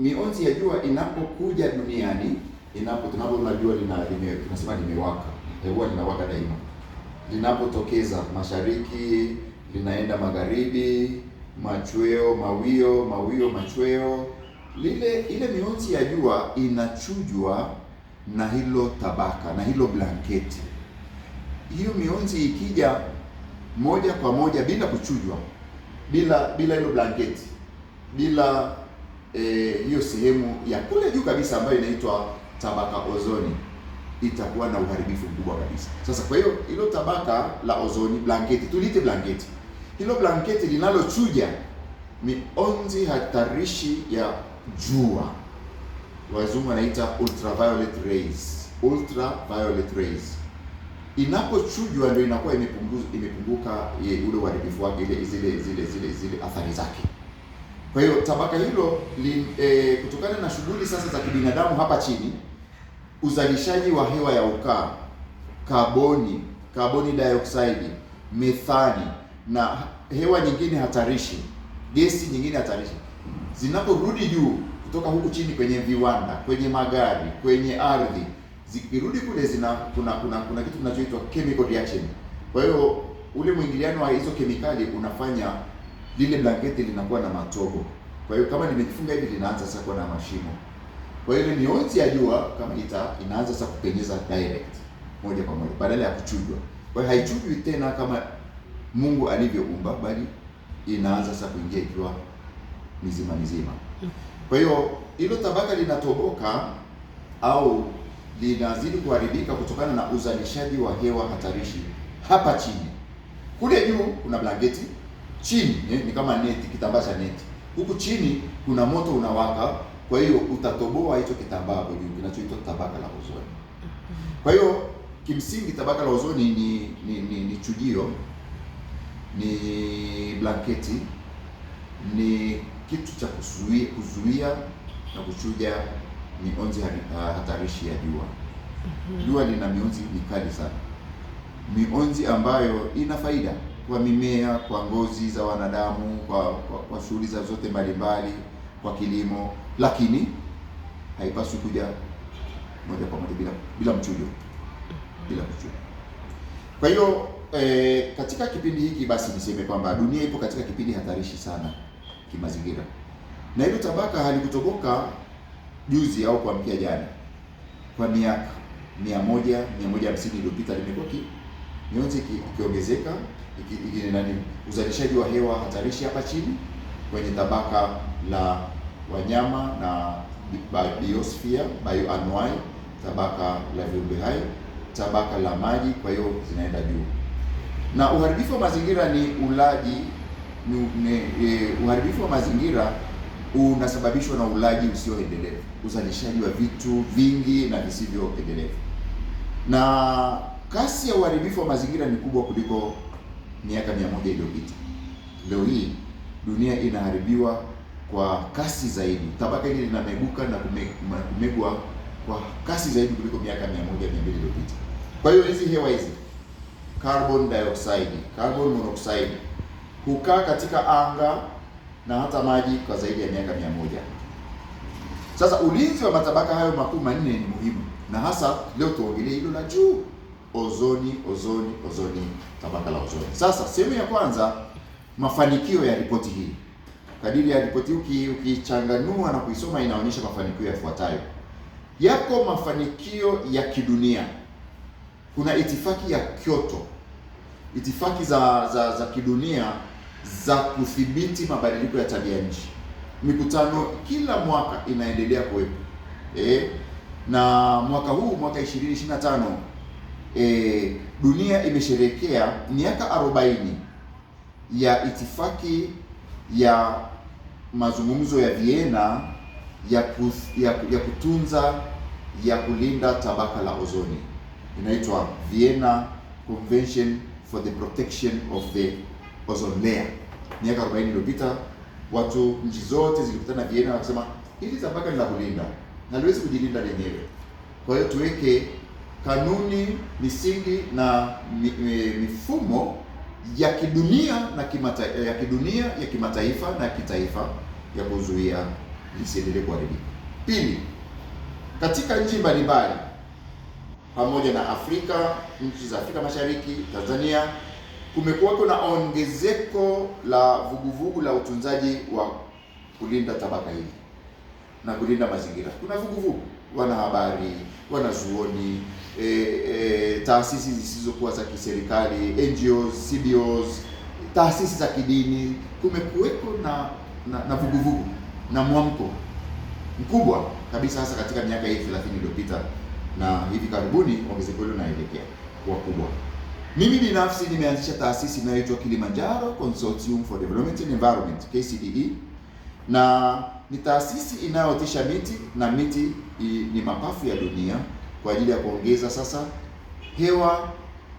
mionzi ya jua inapokuja duniani inapo tunavyoona jua lina lime, tunasema limewaka eh, huwa linawaka daima, linapotokeza mashariki linaenda magharibi, machweo mawio mawio machweo, lile ile mionzi ya jua inachujwa na hilo tabaka na hilo blanketi. Hiyo mionzi ikija moja kwa moja bila kuchujwa, bila bila hilo blanketi, bila e, hiyo sehemu ya kule juu kabisa ambayo inaitwa tabaka ozoni itakuwa na uharibifu mkubwa kabisa. Sasa kwa hiyo hilo tabaka la ozoni, blanketi tulite blanketi, hilo blanketi linalochuja mionzi hatarishi ya jua, wazungu wanaita ultraviolet rays, ultraviolet rays inapochujwa ndio inakuwa imepunguka eh, ule uharibifu wake, ile zile zile zile zile athari zake. Kwa hiyo tabaka hilo li, e, kutokana na shughuli sasa za kibinadamu hapa chini, uzalishaji wa hewa ya ukaa, kaboni, kaboni dioksidi, methani na hewa nyingine hatarishi, gesi nyingine hatarishi zinaporudi juu kutoka huku chini kwenye viwanda, kwenye magari, kwenye ardhi, zikirudi kule zina kuna kuna kuna kitu kinachoitwa chemical reaction. Kwa hiyo ule mwingiliano wa hizo kemikali unafanya lile blanketi linakuwa na matobo. Kwa hiyo kama nimejifunga hivi, linaanza sasa kuwa na mashimo. Kwa hiyo ile mionzi ya jua kama ita inaanza sasa kupenyeza direct, moja kwa moja, badala ya kuchujwa. Kwa hiyo haichujwi tena kama Mungu alivyoumba, bali inaanza sasa kuingia ikiwa mizima mizima. Kwa hiyo hilo tabaka linatoboka au linazidi kuharibika kutokana na uzalishaji wa hewa hatarishi hapa chini. Kule juu kuna blanketi chini ni, ni kama neti, kitambaa cha neti. Huku chini kuna moto unawaka, kwa hiyo utatoboa hicho kitambaa kwa juu kinachoitwa tabaka la ozoni. Kwa hiyo kimsingi tabaka la ozoni ni ni, ni, ni chujio, ni blanketi, ni kitu cha kuzuia, kuzuia na kuchuja mionzi ah, hatarishi ya jua. Jua lina mionzi mikali sana, mionzi ambayo ina faida kwa mimea, kwa ngozi za wanadamu, kwa kwa, kwa shughuli za zote mbalimbali, kwa kilimo, lakini haipaswi kuja moja kwa moja bila bila mchujo, bila mchujo. Kwa hiyo e, katika kipindi hiki basi niseme kwamba dunia ipo katika kipindi hatarishi sana kimazingira, na hilo tabaka halikutoboka juzi au kuamkia jana, kwa miaka mia moja mia moja hamsini iliyopita limekuwa mionzi ikiongezeka nani, uzalishaji wa hewa hatarishi hapa chini kwenye tabaka la wanyama na biosphere bioanuai, tabaka la viumbe hai, tabaka la maji, kwa hiyo zinaenda juu. Na uharibifu wa mazingira ni ulaji ni, e, uharibifu wa mazingira unasababishwa na ulaji usioendelevu, uzalishaji wa vitu vingi na visivyoendelevu na kasi ya uharibifu wa mazingira ni kubwa kuliko miaka mia moja iliyopita. Leo hii dunia inaharibiwa kwa kasi zaidi, tabaka hili linameguka na kumegwa kwa kasi zaidi kuliko miaka mia moja mia mbili iliyopita. Kwa hiyo hizi hewa hizi carbon dioxide, carbon monoxide hukaa katika anga na hata maji kwa zaidi ya miaka mia moja. Sasa ulinzi wa matabaka hayo makuu manne ni muhimu, na hasa leo tuongelee hilo la juu ozoni, ozoni, ozoni, tabaka la ozoni. Sasa sehemu ya kwanza, mafanikio ya ripoti hii. Kadiri ya ripoti hii ukichanganua na kuisoma, inaonyesha mafanikio yafuatayo. Yako mafanikio ya kidunia. Kuna itifaki ya Kyoto, itifaki za za, za kidunia za kudhibiti mabadiliko ya tabia nchi. Mikutano kila mwaka inaendelea kuwepo eh, na mwaka huu mwaka 2025 e, dunia imesherekea miaka 40 ya itifaki ya mazungumzo ya Vienna ya, kuth, ya, ya kutunza ya kulinda tabaka la ozoni inaitwa Vienna Convention for the Protection of the Ozone Layer. Miaka 40 iliyopita watu nchi zote zilikutana Vienna na kusema hili tabaka ni la kulinda na liwezi kujilinda lenyewe, kwa hiyo tuweke kanuni, misingi na mifumo ya kidunia na kimata, ya kidunia ya kimataifa na kitaifa ya kuzuia lisiendelee kuharibika. Pili, katika nchi mbalimbali pamoja na Afrika, nchi za Afrika Mashariki, Tanzania, kumekuwa kuna ongezeko la vuguvugu la utunzaji wa kulinda tabaka hili na kulinda mazingira. Kuna vuguvugu, wanahabari, wanazuoni e, e, taasisi zisizokuwa za kiserikali NGOs, CBOs, taasisi za kidini. Kumekuweko na na, vuguvugu na mwamko mkubwa kabisa hasa katika miaka hii 30 iliyopita na hivi karibuni ongezeko hilo naelekea kuwa kubwa. Mimi binafsi nimeanzisha taasisi inayoitwa Kilimanjaro Consortium for Development and Environment KCDE, na ni taasisi inayootesha miti na miti ni mapafu ya dunia kwa ajili ya kuongeza sasa hewa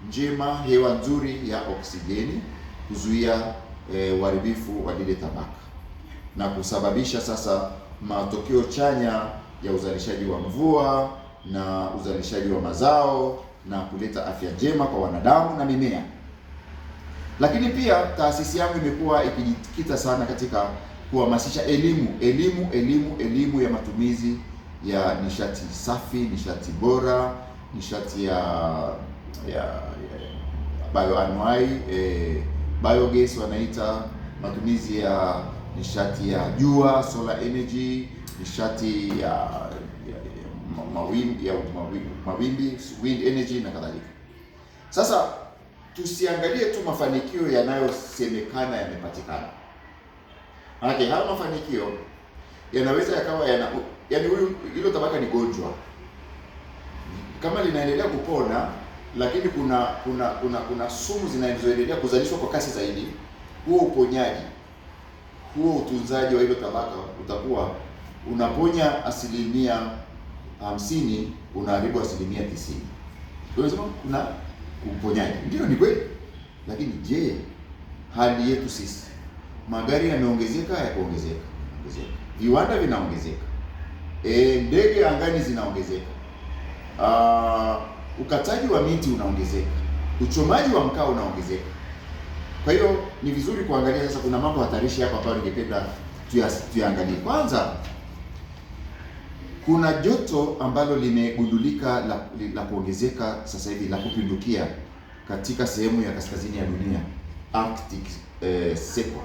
njema, hewa nzuri ya oksijeni, kuzuia eh, uharibifu e, wa lile tabaka na kusababisha sasa matokeo chanya ya uzalishaji wa mvua na uzalishaji wa mazao na kuleta afya njema kwa wanadamu na mimea. Lakini pia taasisi yangu imekuwa ikijikita sana katika kuhamasisha elimu, elimu, elimu, elimu ya matumizi ya nishati safi, nishati bora, nishati ya ya, ya bioanuai eh, biogas wanaita, matumizi ya nishati ya jua solar energy, nishati ya, mawimbi, ya mawimbi, wind energy na kadhalika. Sasa tusiangalie tu mafanikio yanayosemekana yamepatikana, maanake hayo mafanikio yanaweza yakawa yana yaani huyu hilo tabaka ni gonjwa, kama linaendelea kupona, lakini kuna kuna kuna kuna sumu zinazoendelea kuzalishwa kwa kasi zaidi, huo uponyaji huo utunzaji wa hilo tabaka utakuwa unaponya asilimia hamsini, unaharibu asilimia tisini. hiyo kuna uponyaji, ndio ni kweli, lakini je, hali yetu sisi, magari yameongezeka, yakuongezeka, viwanda vinaongezeka e, ndege angani zinaongezeka, ukataji wa miti unaongezeka, uchomaji wa mkaa unaongezeka. Kwa hiyo ni vizuri kuangalia sasa, kuna mambo hatarishi hapa ambayo ningependa tuyaangalie. Kwanza, kuna joto ambalo limegundulika la, la kuongezeka sasa hivi la kupindukia katika sehemu ya kaskazini ya dunia Arctic eh, sekwa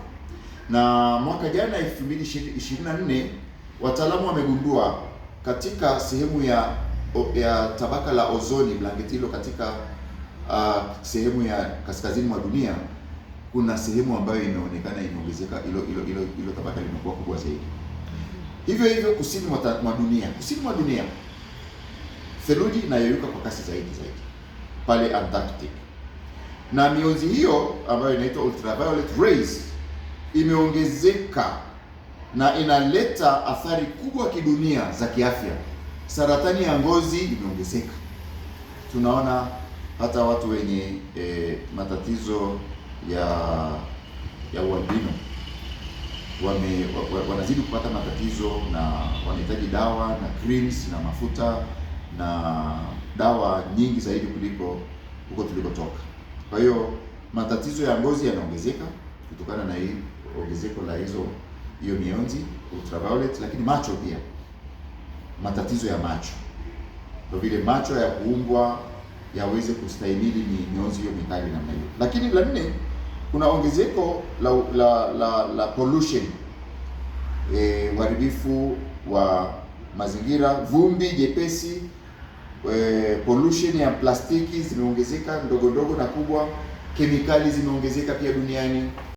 na mwaka jana 2024 Wataalamu wamegundua katika sehemu ya ya tabaka la ozoni, blanketi hilo katika uh, sehemu ya kaskazini mwa dunia kuna sehemu ambayo inaonekana inaongezeka, ilo ilo, ilo, ilo tabaka limekuwa kubwa zaidi. Hivyo hivyo kusini mwa dunia, kusini mwa dunia theluji inayoyuka kwa kasi zaidi zaidi pale Antarctic, na mionzi hiyo ambayo inaitwa ultraviolet rays imeongezeka na inaleta athari kubwa kidunia za kiafya. Saratani ya ngozi imeongezeka, tunaona hata watu wenye e, matatizo ya ya ualbino wame, wanazidi kupata matatizo na wanahitaji dawa na creams na mafuta na dawa nyingi zaidi kuliko huko tulikotoka. Kwa hiyo matatizo ya ngozi yanaongezeka kutokana na hii ongezeko la hizo hiyo mionzi ultraviolet, lakini macho pia, matatizo ya macho, kwa vile macho ya kuumbwa yaweze kustahimili ni mionzi hiyo mikali namna hiyo. Lakini la nne, kuna ongezeko la la la, la pollution e, uharibifu wa mazingira, vumbi jepesi e, pollution ya plastiki zimeongezeka ndogo ndogo na kubwa, kemikali zimeongezeka pia duniani.